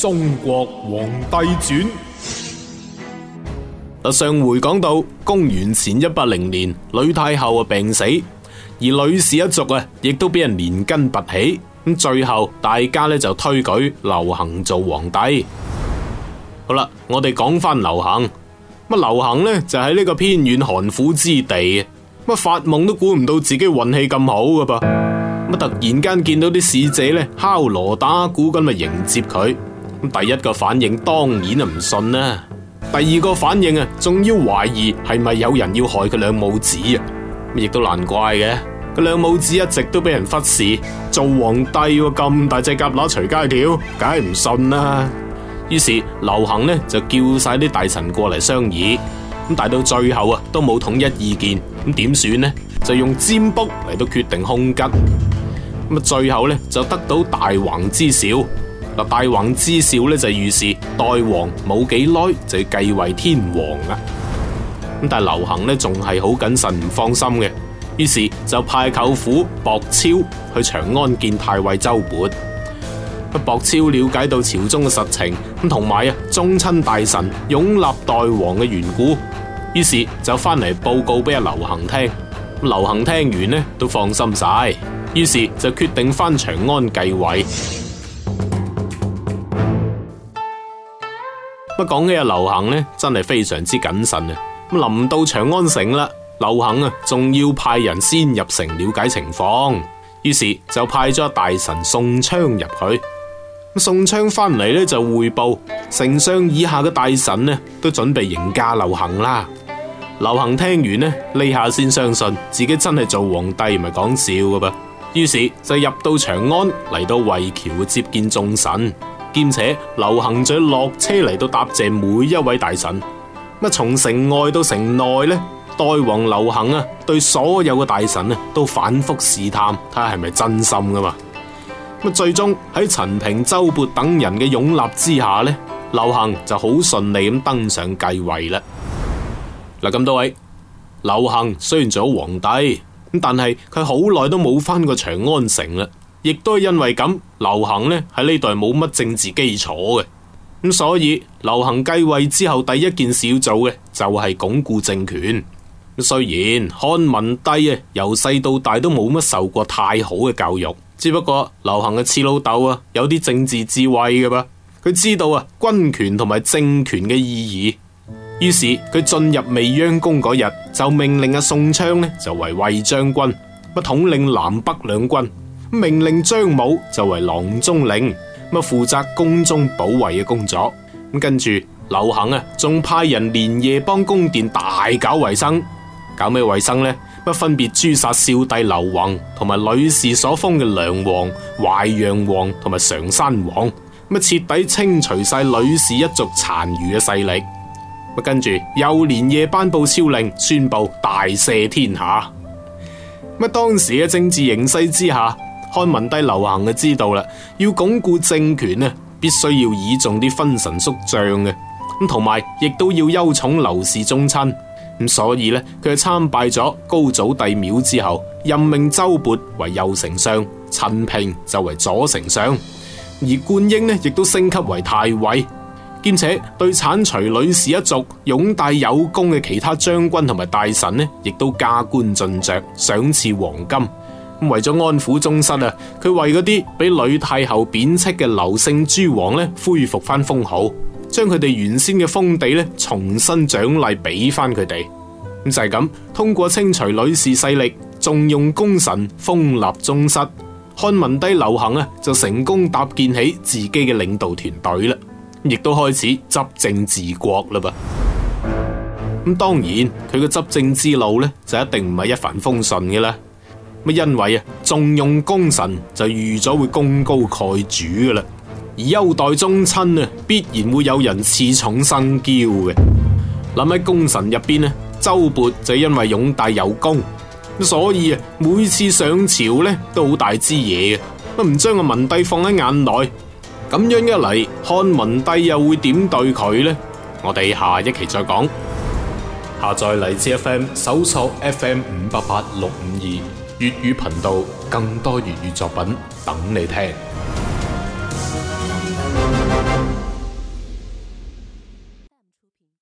中國皇帝傳。嗱，上回講到公元前一八零年，呂太后啊病死，而呂氏一族啊亦都俾人連根拔起。咁最後大家就推舉劉恆做皇帝。好啦，我哋講翻劉恆。乜劉恆呢就喺呢個偏遠寒苦之地，乜發夢都估唔到自己運氣咁好㗎噃。乜突然間見到啲使者呢敲鑼打鼓咁咪迎接佢。咁第一個反應當然啊唔信啦，第二個反應啊仲要懷疑係咪有人要害佢兩母子啊，亦都難怪嘅。佢兩母子一直都俾人忽視，做皇帝咁大隻蛤乸隨街跳，梗係唔信啦。於是劉恆呢就叫晒啲大臣過嚟商議，咁但係到最後啊都冇統一意見，咁點算呢？就用占卜嚟到決定凶吉，咁啊最後呢就得到大橫之兆。大王之少呢，就係預示代王冇幾耐就要繼位天王啦。咁但係劉恆咧仲係好謹慎唔放心嘅，於是就派舅父薄超去長安見太尉周勃。咁薄超了解到朝中嘅實情，咁同埋啊宗親大臣擁立代王嘅緣故，於是就翻嚟報告俾阿劉恆聽。咁劉恆聽完呢，都放心晒，於是就決定翻長安繼位。講起阿劉恆咧，真係非常之謹慎啊！咁臨到長安城啦，劉恆啊，仲要派人先入城了解情況，於是就派咗大臣宋昌入去。宋昌翻嚟咧就匯報，丞相以下嘅大臣呢都準備迎駕劉恆啦。劉恆聽完呢，呢下先相信自己真係做皇帝唔係講笑噶噃於是就入到長安嚟到渭橋接見眾臣。兼且劉恒在落車嚟到答謝每一位大臣，咁從城外到城內呢，代王劉恒啊對所有嘅大臣啊都反覆試探，睇下係咪真心噶嘛？咁最終喺陳平、周勃等人嘅擁立之下呢，劉恒就好順利咁登上繼位啦。嗱咁多位，劉恒雖然做咗皇帝，咁但係佢好耐都冇翻過長安城啦。亦都係因為咁，劉恆呢喺,呢代冇乜政治基礎嘅，咁所以劉恆繼位之後第一件事要做嘅就係、是、鞏固政權。咁雖然漢文帝啊由細到大都冇乜受過太好嘅教育，只不過劉恆嘅次老豆啊有啲政治智慧嘅噃，佢知道啊軍權同埋政權嘅意義，於是佢進入未央宮嗰日就命令阿、啊、宋昌呢，就為衛將軍，不統領南北兩軍。命令張武就為郎中令，咁負責宮中保衛嘅工作。咁跟住劉恒啊，仲派人連夜幫宮殿大搞衛生，搞咩衛生呢？不分別誅殺少帝劉弘，同埋呂氏所封嘅梁王、淮陽王同埋常山王，咁啊徹底清除晒呂氏一族殘餘嘅勢力。跟住又連夜頒布詔令，宣布大赦天下。咁當時嘅政治形勢之下，漢文帝劉恒就知道啦，要鞏固政權呢，必須要倚重啲分神宿將嘅，咁同埋亦都要優寵劉氏宗親，咁所以呢，佢係參拜咗高祖帝廟之後，任命周勃為右丞相，陳平就為左丞相，而灌嬰呢，亦都升級為太尉，兼且對鏟除呂氏一族、擁戴有功嘅其他將軍同埋大臣呢，亦都加官進爵，賞賜黃金。咁為咗安撫宗室啊，佢為嗰啲俾呂太后貶斥嘅劉姓諸王呢，恢復翻封號，將佢哋原先嘅封地呢，重新獎勵俾翻佢哋。咁就係、是、咁，通過清除呂氏勢力，重用功臣，封立宗室，漢文帝劉恆呢，就成功搭建起自己嘅領導團隊啦，亦都開始執政治國啦噃。咁當然，佢嘅執政之路呢，就一定唔係一帆風順嘅啦。乜因為啊，重用功臣就預咗會功高蓋主噶啦，而優待宗親呢，必然會有人恃寵生驕嘅。諗喺功臣入邊呢，周勃就因為擁戴有功，所以啊，每次上朝呢都好大支嘢嘅，乜唔將個文帝放喺眼內，咁樣一嚟，漢文帝又會點對佢呢？我哋下一期再講。下載荔枝 FM，搜索 FM 五八八六五二。粵語頻道，更多粵語作品等你聽。